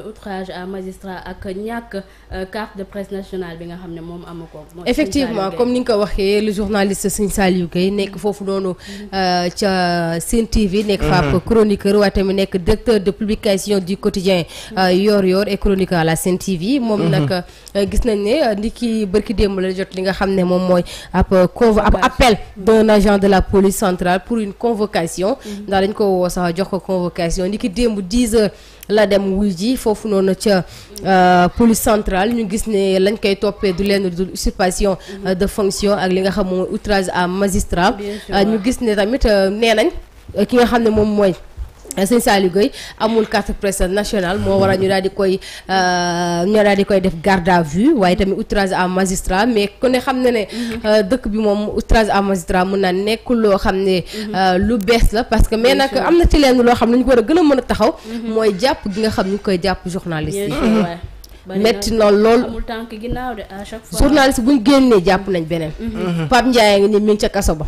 outrage à magistrat ak ñàkk euh, de presse nationale bi nga xam ne moom amu ko. effectivement comme ni nga ko waxee le journaliste Sëñ Saliou Guèye nekk foofu noonu mm-hmm. euh, ca Sen TV. nekk fa mm-hmm. chroniqueur waaye nekk directeur de publication du quotidien mm-hmm. euh, yor Yoor et chroniqueur la Sen TV. moom nag gis nañ ne ndi ki bërki démb la jot li nga xam ne moom mooy ab convo ab appel agent de la police centrale pour une convocation. ndax dañ ko woo sax jox ko convocation ndi ki démb 10 la dem wuy ji foofu noonu ca euh, police centrale ñu gis ne lañ koy toppee du leen du usurpation euh, de fonction ak li nga xam moom outrage à magistrat euh, ñu gis ne tamit nee nañ ki nga xam ne moom mooy sëñ saa Gueye amul carte presse nationale moo waral ñu daal di koy euh, ñu daal di koy def garde à vue waaye tamit outrage à magistrat mais ku ne xam na ne mhm. euh, dëkk bi moom outrage à magistrat mun naa nekkul loo xam ne mhm. euh, lu bees la parce que mais nag am na ci lenn loo xam ne ñu ko war a gën a mën a taxaw mhm. mooy jàpp gi nga xam ñu koy jàpp journaliste yi metti na lool amul tànk ginnaaw de à chaque fois journaliste bu ñu génnee jàpp nañ beneen Pape Ndiaye nga ni mi ngi ca kaso ba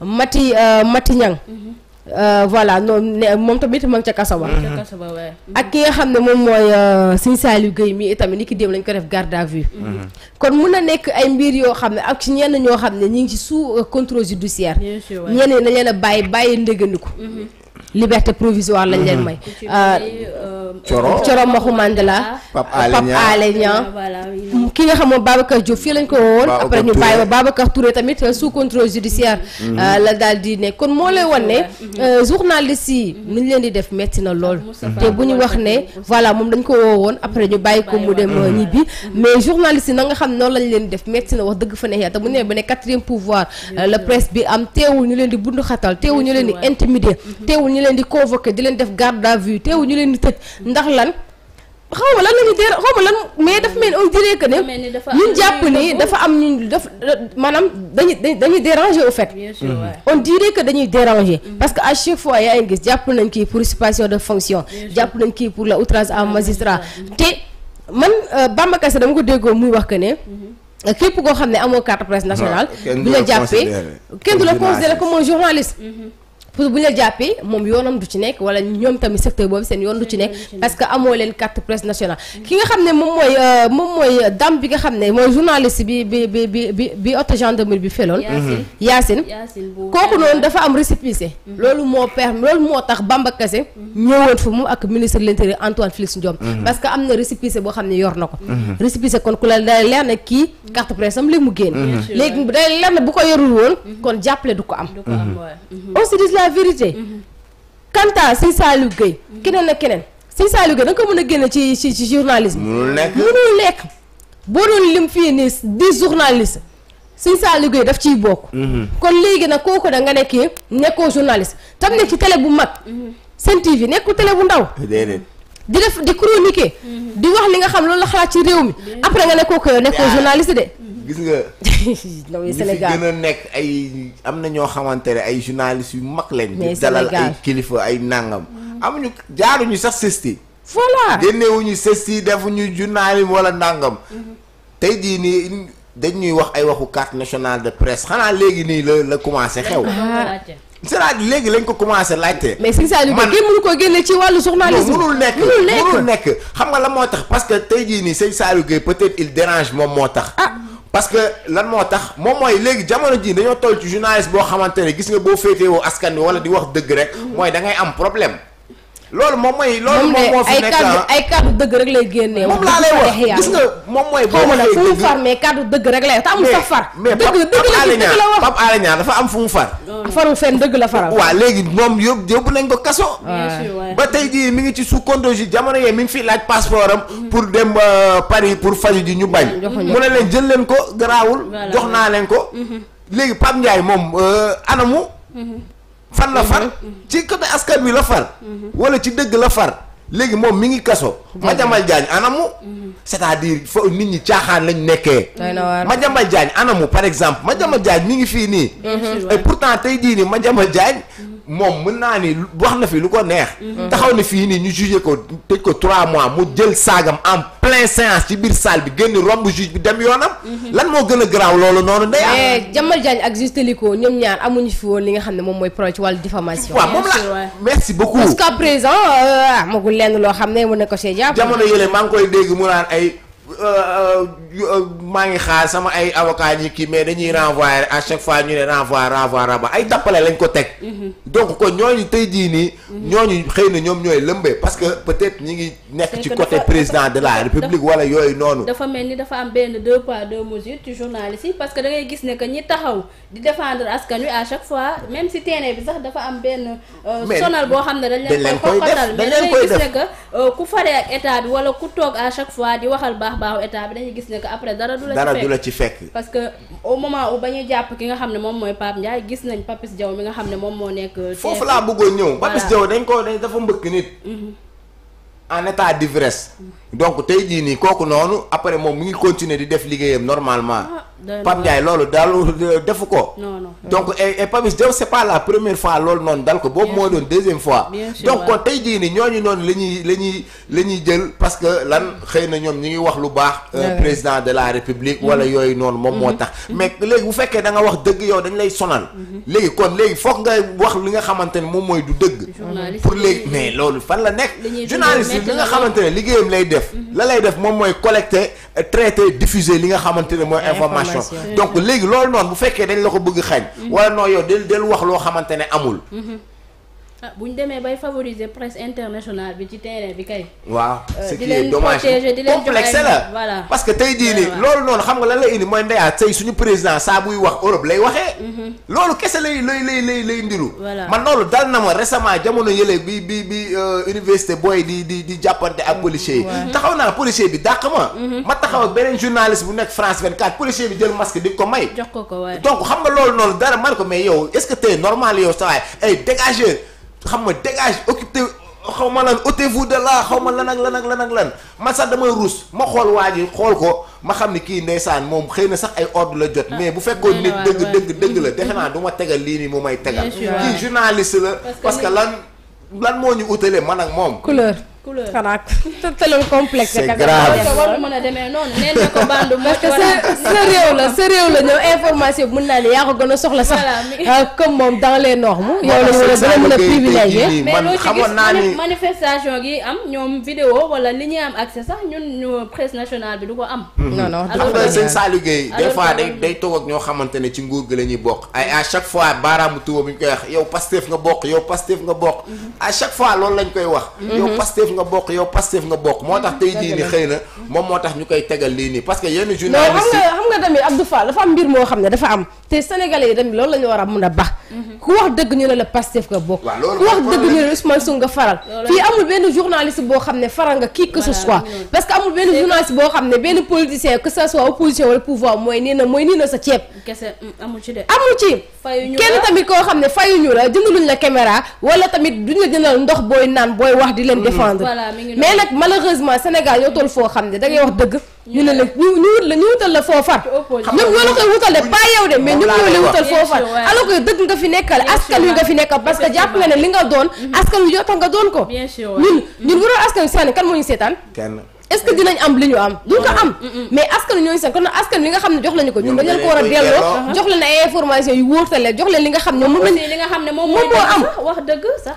Mati Mati Niang Euh, voilà noonu ne moom tamit ma ngi ca kaso ak ki nga xam ne moom mooy euh, Serigne Saliou Guèye mi itamit ni ki démb lañ ko def garde à vue mhm. Mhm. kon mun na nekk ay mbir yoo xam ne ak ci ñenn ñoo xam ne ñi ngi ci sous euh, contrôle judiciaire ñeneen nañ leen a bàyyi bàyyi ndëgandiku mhm. liberté provisoire lañ leen may Coro Coro Maxu Mandela Pape Alé Niang ki nga xamoon moom Babacar fii lañ ko woon après ñu bàyyi ba Babacar Touré tamit euh, sous contrôle judiciaire mhm. euh, la daal di ne kon moo lay wan ne euh, journaliste yi ñu leen di def metti na lool te bu ñu wax ne voilà moom dañ ko woo woon après ñu bàyyi ko mu dem mhm. ñibbi mhm. mais journalis yi na nga xam noonu lañ leen di def metti na wax dëgg fa ne yaa te bu nee ba ne quatrième pouvoir la presse bi am teewu ñu leen di bundu xatal teewul ñu leen di intimider teewul ñu leen di convoquer di leen def garde à vue ñu leen di tëj ndax lan xaw ma lan la ñu dee xaw ma lan mais dafa mel on dirait que ne ñun jàpp ni dafa am ñun daf maanaam dañuy dañuy déranger au fait mhm. on dirait dañuy déranger mhm. parce à chaque fois yaa ngi gis jàpp nañ kii pour usurpation de fonction jàpp nañ kii pour la outrage à ah, magistrat te man euh, Bamba Kassé dama ko déggoo muy wax que ne mhm. euh, képp koo xam ne amoo carte presse nationale ah, bu la jàppee kenn du la considéré comme un journaliste pour bu ñu jàppee moom yoonam du ci nekk wala ñoom tamit secteur boobu seen yoon du ci nekk parce que amoo leen carte presse nationale mm-hmm. ki nga xam ne moom mooy euh, moom mooy euh, bi nga xam ne mooy journaliste bi bi bi bi bi bi auto gendarmerie bi feloon Yacine mm-hmm. kooku noonu dafa am récépissé mm-hmm. loolu moo per loolu moo tax Bamba Kassé ñëwoon fu moom ak ministre de l'intérieur Antoine Félix Diome parce que am na récépissé boo xam ne yor na ko récépissé kon ku la day leer na kii carte bu ko yorul woon kon jàppale du ko am la vérité. Kanta si Saliou Gueye. keneen ak keneen si Saliou Gueye da nga ko mën a génne ci ci ci journalisme. mënul nekk mënul nekk. boo doon lim fii nii dix journaliste si Saliou Gueye daf ciy bokk. Mhm. kon léegi nag kooku da nga nekkee nekkoo journaliste tam nekk ci télé bu mag. Mhm. seen TV nekkul télé bu ndaw. di def di chroniquer. Mhm. di wax li nga xam loolu la xalaat ci réew mi après nga ne kooku yow nekkoo journaliste de. gis nga. ndaw Sénégal gën a nekk ay am na ñoo xamante ne ay journalistes yu mag lañ. di dalal ay kilifa ay nangam. amuñu ñu sax sesti. voilà génnewuñu sesti defuñu journalisme wala nangam. Mhm. tey jii nii dañ ñuy wax ay waxu carte nationale de presse xanaa léegi nii la la commencé xew. c'est léegi lañ ko commencé laajte. mais si saa ñu ko mënu ko génne ci wàllu journalisme. mënul nekk mënul nekk xam nga la moo tax parce que tey jii nii sëñ Saliou Gueye peut-être il dérange moom moo tax. Ah. parce que lan moo tax moom mooy léegi jamono jii dañoo toll ci journaliste boo xamante ne gis nga boo woo askan wi wala di wax dëgg rek mhm. mooy dangay ngay am problème loolu moom mooy. loolu moom moo fi nekk ah. ay kàddu dëgg rek lay génnee. moom laa lay wax gis nga moom mooy. boo xoolee dëgg fu dëgg rek lay wax te amul sax far. dëgg am fu mu far. faru dëgg la faral. waaw léegi moom yób yóbbu nañ ko kaso. ba tey jii mi ngi ci sous contrôle ji jamono yee mi ngi fi laaj passeport am. pour dem euh, Paris pour faju ji ñu bañ. Mm-hmm. mu ne leen jël leen ko garaawul. jox naa leen ko. Mm-hmm. léegi Pape Ndiaye moom euh, anamu. Mm-hmm. fan la far mhm. ci côté askan wi la far mhm. wala ci dëgg la far léegi moom mi ngi kaso. Madiambal Diagne anamu. Mhm. c'est-à-dire fo nit ñi caaxaan lañ nekkee. Madiambal Diagne anamu par exemple Madiambal mhm. Diagne mi ngi fii nii. Mhm. et pourtant tey jii nii Madiambal Diagne. moom mën naa ni wax na fi lu ko neex. taxaw na fii nii ñu jugé ko tëj ko trois mois mu jël saagam en plein séance ci biir salle bi génn romb juge bi dem yoonam. lan moo gën a garaaw loolu noonu day am. Madiambal Diagne ak Juste Liko ñoom ñaar amuñu fi woon li nga xam ne moom mooy projet ci wàllu diffamation. waaw moom la merci beaucoup jusqu'à lenn loo xam ne mën na ko see jàpp. jamono yële maa ngi koy dégg mu naan ay maa ngi xaar sama ay avocat ñi kii mais dañuy renvoyer à chaque fois ñu ne renvoi renvoi ay tappale lañ ko teg. Mm-hmm. donc kon ñooñu tey jii nii. ñooñu xëy na ñoom ñooy lëmbee parce que peut-être ñi ngi nekk ci côté président de la république wala yooyu noonu. dafa mel ni dafa am benn deux poids deux mesures ci journaliste yi parce que da ngay gis ne que ñi taxaw di défendre askan wi à chaque fois même si terrain bi sax dafa am benn. Euh, sonal boo xam ne dañ leen koy xoxatal mais dañuy gis ne euh, ku faree ak état bi wala ku toog à chaque fois di waxal baax baaxu état bi dañuy gis ne que après ki nga xam ne moom mooy Pape nga xam ne moom moo nekk foofu laa bëggoon ñëw Papis Diaw dañ koo dañ dafa mbëkk nit mhm. en état d'ivresse mhm. donc tey jii nii kooku noonu après moom mu ngi continuer di def liggéeyam normalement ah. Pape loolu daal defu ko. donc et et la première fois loolu noonu dal ko boobu moo doon deuxième fois. donc kon tey jii nii ñooñu noonu la ñuy la la ñuy jël parce que lan xëy na ñoom ñu ngi wax lu baax. Euh, président de la république. Mm-hmm. wala yooyu noonu moom moo mm-hmm. tax. Mm-hmm. mais léegi bu fekkee danga wax dëgg yow dañ lay sonal. léegi kon léegi foog nga wax li nga xamante ne moom mooy du dëgg. pour léegi mais loolu fan la nekk. journaliste li nga xamante ne liggéeyam lay def. la lay def moom mooy collecter traiter diffuser li nga xamante ne mooy information. information donc léegi loolu noonu bu fekkee dañ la ko bëgg xañ mm-hmm. wala noo yow del del wax loo xamante ne amul mm-hmm. ah ñu demee bay favoriser presse international bi ci terrain bi kay. waaw euh, ce qui est la parce que tey jii nii loolu noonu xam nga lan lay indi mooy ndeyaa suñu président saa buy wax Europe lay waxee. Mhm. loolu kese lay lay lay lay ndiru. man loolu dara na ma récemment jamono yële bi bi bi euh, université booy di di di jàppante ak mhm. policier yi. taxaw naa policier bi dàq ma. Mhm. ma taxaw ak beneen journaliste bu nekk France 24 policier bi jël masque di ko may. jox ko ko donc xam loolu noonu man ko mais yow est-ce que tey normal yow saa waay xam nga dégage occupé xaw ma lan ôtez-vous de là xaw ma lan ak lan ak lan ak lan man sax damay ruus ma xool waa ji xool ko ma xam ni kii ndeysaan moom xëy na sax ay ordre la jot mais bu fekkoon nit dëgg dëgg dëgg la defe naa du ma tegal lii nii mu may tegal kii journaliste la parce que lan lan moo ñu utalee man ak moom couleur couleur xanaa te loolu complexe. c'est grave a demee noonu. nee na ko bandu parce que sa réew la sa réew la ñëw information bi mën naa ne yaa ko gën a soxla sax. Ah, comme moom dans les mu yow la war a gën manifestation gi am ñoom vidéo wala li ñuy am accès sax ñun ñu presse nationale bi du ko am. Mhm. non non xam nga sëñ Saliou Gueye des fois day day toog ak ñoo xamante ne ci nguur gi la ñuy bokk. ay à chaque fois baaraamu tuba bu ñu koy wax yow Pastef nga bokk yow nga bokk. Mhm. à chaque fois loolu lañ koy wax. Mhm. yow Pastef nga bokk yow Pastef nga bokk moo tax tey jii xëy na moom moo tax ñu koy tegal lii nii parce que yenn journaliste xam nga xam nga tamit dafa am mbir moo xam ne dafa am te sénégalais yi tamit loolu la war a mun a baax ku wax dëgg ñu ne la Pastef nga bokk ku wax dëgg ñu ne la Ousmane Sonko nga faral fii amul benn journaliste boo xam ne faral nga kii que ce soit parce amul benn journaliste boo xam ne benn politicien que ce soit opposition wala pouvoir mooy nii na sa ceeb kese mm, amu ci de. amu ci kenn tamit koo xam ne fayuñu la jëndaluñ la caméra wala tamit duñ la jëndal ndox booy naan booy wax di leen défendre. mais nag malheureusement Sénégal yoo toll foo xam ne da ngay wax dëgg. ñu ne la ñu ñu wut la ñu wutal la foofar ñoom ñoo la koy wutal de pas yow de mais ñoom ñoo la wutal foofar alors que dëgg nga fi nekkal askan wi nga fi nekkal parce que jàpp nga ne li nga doon mm-hmm. askan wi yoo nga doon ko ñun ñun bu mm-hmm. doon askan wi sànni est-ce que dinañ am li ñu am duñ ko am mm, mm. mais askan ñooñu seen kon askan li nga xam ne jox lañu ko ñun dañ leen ko war a delloo jox leen ay information yu wóortale jox leen li nga xam ne moom lañ li nga xam ne moom moo am wax dëgg sax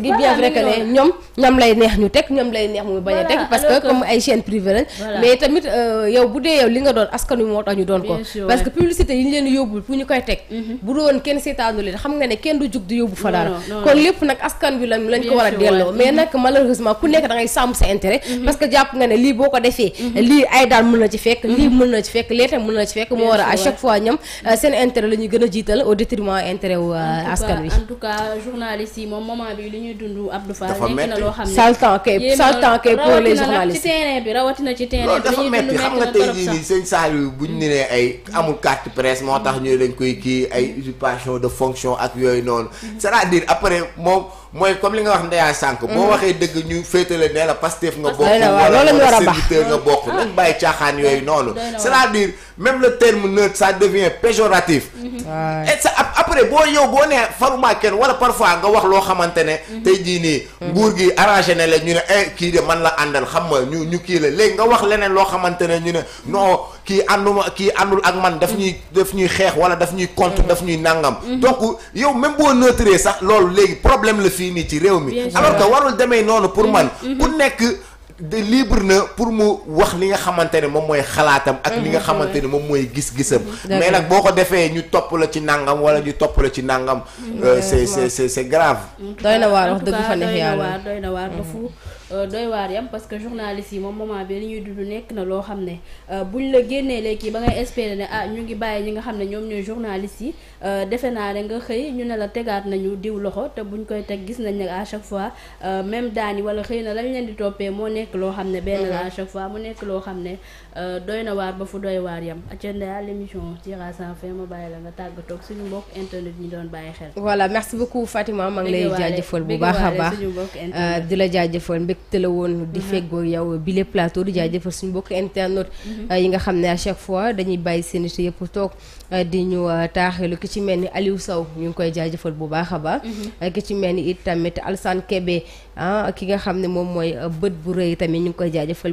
politique yi bien vrai que ne ñoom ñoom lay neex ñu teg ñoom lay neex mu bañ a teg parce que comme ay chaîne privée mais tamit euh, yow bu dee yow li nga doon askan wi moo tax ñu doon ko parce que publicité yi leen yóbbul pour ñu koy teg mhm. bu doon kenn seetaanu leen ko war a delloo mais mhm. nag malheureusement ku nekk da sàmm sa intérêt mhm. parce que jàpp nga ne lii boo ko defee lii ay daal mën na ci fekk lii mën na ci fekk lee mën na ci fekk moo war a chaque fois euh, ñuy dund Abdou Fall. dafa metti nekk na loo xam ne saltan kay saltan kay pour ci terrain bi rawatina ci terrain bi. dafa metti xam nga tey jii nii bu ñu nee ay amul carte presse moo tax ñu dañ koy kii ay usurpation de fonction ak yooyu noonu. Mm-hmm. cest à après moom. mooy comme li nga wax ndeyaa sànk boo mm-hmm. waxee dëgg ñu féetale ne la Pastef nga bokk wala serviteur nga bokk ah. nañ bàyyi caaxaan yooyu noonu c'est-à-dire même le terme neutre ça devient péjoratif mm-hmm. et ça après boo yow boo nee faruma kenn wala parfois nga wax loo xamante ne mm-hmm. tey jii nii nguur gi arrangé na la ñu ne eh kii de man la àndal xam nga ñu ñu kii la léegi nga wax leneen loo xamante ne ñu ne non kii ànduma kii àndul ak man daf ñuy daf ñuy xeex wala daf ñuy contre daf ñuy nàngam donc yow même boo neutré sax loolu léegi problème la fii nii ci réew mi alors que warul demee noonu pour man ku nekk de libre na pour mu wax li nga xamante ne moom mooy xalaatam ak li nga xamante ne moom mooy gis-gisam mais nag boo ko defee ñu topp la ci nàngam wala ñu topp la ci nàngam c'est c'est c'est grave doy na waar wax dëgg fa neex yàlla doy na waar Euh, doy waar yam parce que journaliste yi moom moment bi li ñuy dund nekk na loo xam ne euh, buñ la génnee léegi ba ngay espérer ne ah ñu ngi bàyyi ñi nga xam ne ñoom ñooy journaliste yi euh, defe naa ne nga xëy ñu ne la tegaat nañu diw loxo te bu buñ koy teg gis nañ ne à chaque fois même daani wala xëy na lañ leen di toppee moo nekk loo xam ne benn la mhm. à chaque fois mu nekk loo xam ne doy na waar ba fu doy waar yam agenda l'émission tira sans fin ma bàyyi la nga tàggatoo ak suñu mbokk doon bàyyi xel voilà merci beaucoup Fatima maa ngi lay jaajëfal bu baax a baax te la woon di mhm. feggoo yow bile plateau di jëfal suñ mbokk internet mhm. euh, yi nga xam ne à chaque fois dañuy bàyyi seen i yëpp toog euh, di ñu euh, taaxeelu ki ci mel ni Aliou saw ñu ngi koy jaajëfal bu baax a baax mhm. ki ci mel ni it tamit Alsane Kébé ah ki nga xam ne moom mooy bët bu rëy tamit ñu ngi koy jaajëfal